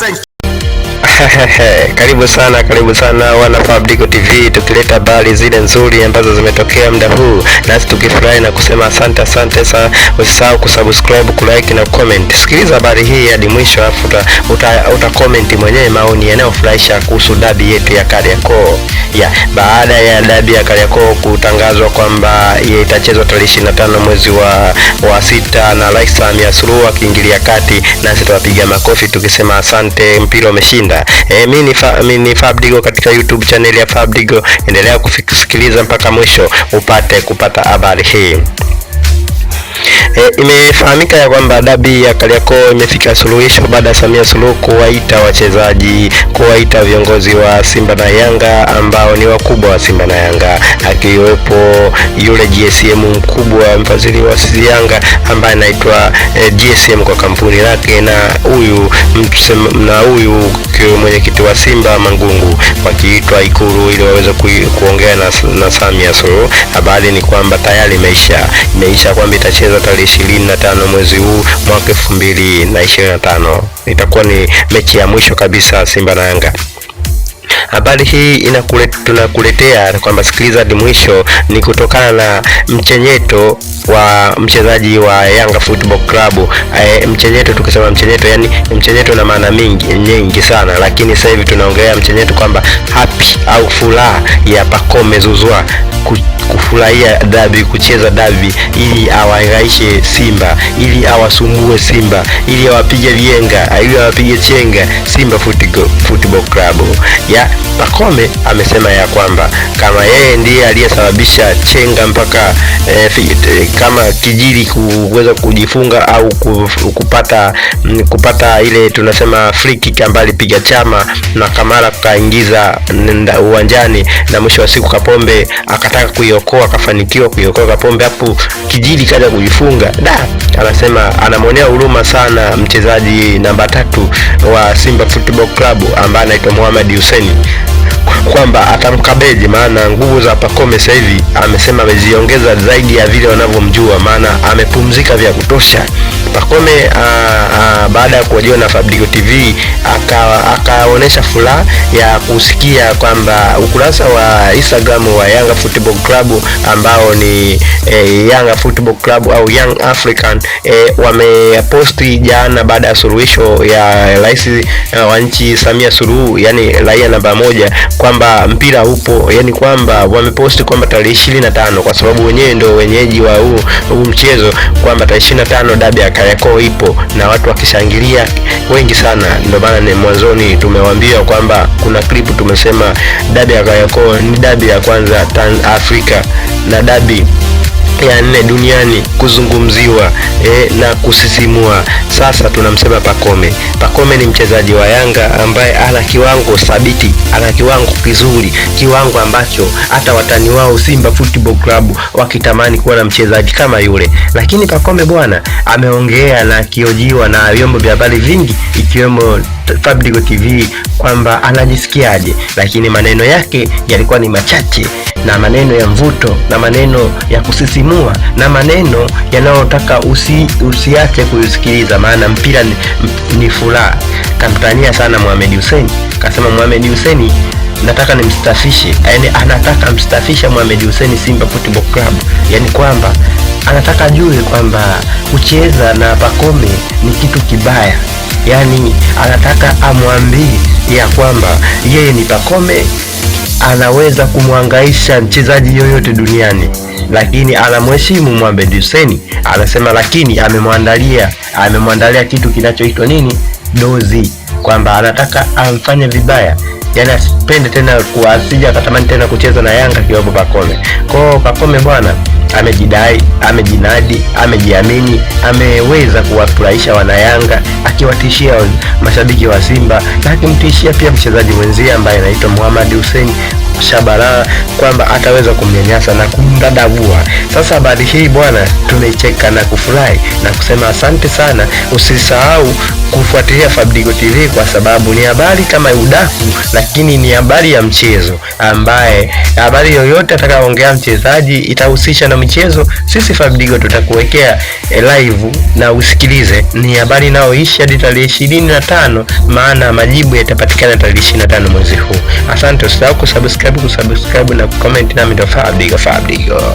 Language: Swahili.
las Karibu sana, karibu sana wana Fabidigo TV, tukileta habari zile nzuri ambazo zimetokea muda huu, nasi tukifurahi na kusema asante, asante sana. Usisahau kusubscribe, kulike na comment. Sikiliza habari hii hadi mwisho, afu uta, uta comment mwenyewe maoni yanayofurahisha kuhusu dabi yetu ya Kariakoo. Ya, baada ya dabi ya Kariakoo kutangazwa kwamba itachezwa tarehe 25 mwezi wa, wa sita na Rais Samia Suluhu akiingilia kati, nasi tunapiga makofi tukisema asante, mpira umeshinda. E, mi ni, fa, mi ni Fabdigo katika YouTube channel ya Fabdigo. Endelea kusikiliza mpaka mwisho upate kupata habari hii. E, imefahamika ya kwamba dabi ya Kariakoo imefika suluhisho baada ya Samia Suluhu kuwaita wachezaji, kuwaita viongozi wa Simba na Yanga ambao ni wakubwa wa Simba na Yanga, akiwepo yule GSM mkubwa mfadhili wa sisi Yanga ambaye anaitwa e, eh, GSM kwa kampuni lake, na huyu na huyu mwenyekiti wa Simba Mangungu, wakiitwa Ikulu ili waweze kuongea na, na Samia Suluhu. Habari ni kwamba tayari imeisha imeisha kwamba itacheza tarehe tarehe 25 mwezi huu mwaka 2025. Itakuwa ni mechi ya mwisho kabisa Simba na Yanga. Habari hii inakuletea, tunakuletea kwamba sikiliza hadi mwisho, ni kutokana na mchenyeto wa mchezaji wa Yanga Football Club. E, mchenyeto tukisema mchenyeto, yani mchenyeto na maana mingi nyingi sana, lakini sasa hivi tunaongelea mchenyeto kwamba happy au furaha ya Pacome Zouzoua kufurahia dabi, kucheza dabi, ili awaraishe Simba, ili awasumbue Simba, ili awapige vienga, ili awapige chenga Simba Football Club. Ya Pacome amesema ya kwamba kama yeye ndiye aliyesababisha chenga mpaka e, kama tijiri kuweza kujifunga au kupata mm, kupata ile tunasema free kick ambayo alipiga Chama na Kamara kaingiza uwanjani, na mwisho wa siku Kapombe akataka kuiokoa, akafanikiwa kuiokoa Kapombe, hapo kijiri kaja kujifunga. Da, anasema anamwonea huruma sana mchezaji namba tatu wa Simba Football Club ambaye anaitwa Mohamed Hussein kwamba atamkabeji maana nguvu za Pacome sasa hivi amesema ameziongeza zaidi ya vile wanavyomjua, maana amepumzika vya kutosha. Pacome ah, ah, baada ya kuhojiwa na Fabidigo TV akaonyesha furaha ya kusikia kwamba ukurasa wa Instagram wa Yanga Football Club ambao ni e, eh, Yanga Football Club au Young African e, wameposti jana baada ya suluhisho ya rais eh, wa nchi Samia Suluhu, yani raia namba moja, kwamba mpira upo, yani kwamba wameposti kwamba tarehe 25 kwa sababu wenyewe ndio wenyeji wa huu mchezo kwamba tarehe 25 dabi ya Kariakoo ipo na watu wakishangilia wengi sana. Ndio maana ni mwanzoni tumewaambia kwamba kuna klipu tumesema dabi ya Kariakoo ni dabi ya kwanza Tan Afrika na dabi yake ya nne duniani kuzungumziwa e, na kusisimua. Sasa tunamsema pakome pakome ni mchezaji wa Yanga ambaye ana kiwango thabiti, ana kiwango kizuri, kiwango ambacho hata watani wao Simba Football Club wakitamani kuwa na mchezaji kama yule. Lakini Pakome bwana ameongea na kiojiwa na vyombo vya habari vingi ikiwemo Fabidigo TV kwamba anajisikiaje, lakini maneno yake yalikuwa ni machache na maneno ya mvuto na maneno ya kusisimua kusisimua na maneno yanayotaka usi, usiache kusikiliza, maana mpira ni, ni furaha. Kamtania sana Mohamed Hussein, kasema Mohamed Hussein nataka nimstafishe, yani anataka mstafisha Mohamed Hussein Simba Football Club, yani kwamba anataka ajue kwamba kucheza na Pacome ni kitu kibaya, yani anataka amwambie ya kwamba yeye ni Pacome anaweza kumwangaisha mchezaji yoyote duniani, lakini anamheshimu Mohamed Hussein. Anasema lakini amemwandalia amemwandalia kitu kinachoitwa nini, dozi, kwamba anataka amfanye vibaya, yani asipende tena, kuasija akatamani tena kucheza na Yanga kiwapo Pakome. Kwao Pakome bwana amejidai, amejinadi, amejiamini, ameweza kuwafurahisha wanayanga akiwatishia mashabiki wa Simba na akimtishia pia mchezaji mwenzie ambaye anaitwa Muhammad Hussein Shabara kwamba ataweza kumnyanyasa na kumdadavua. Sasa habari hii bwana, tumecheka na kufurahi na kusema asante sana. Usisahau kufuatilia Fabidigo TV kwa sababu ni habari kama udaku, lakini ni habari ya mchezo ambaye habari yoyote atakayoongea mchezaji itahusisha na michezo, sisi Fabidigo tutakuwekea eh, live na usikilize. Ni habari inayoishi hadi tarehe ishirini na tano maana majibu yatapatikana tarehe ishirini na tano mwezi huu. Asante, usisahau kusubscribe, kusubscribe na kucomment. Nami ndo Fabidigo, Fabidigo.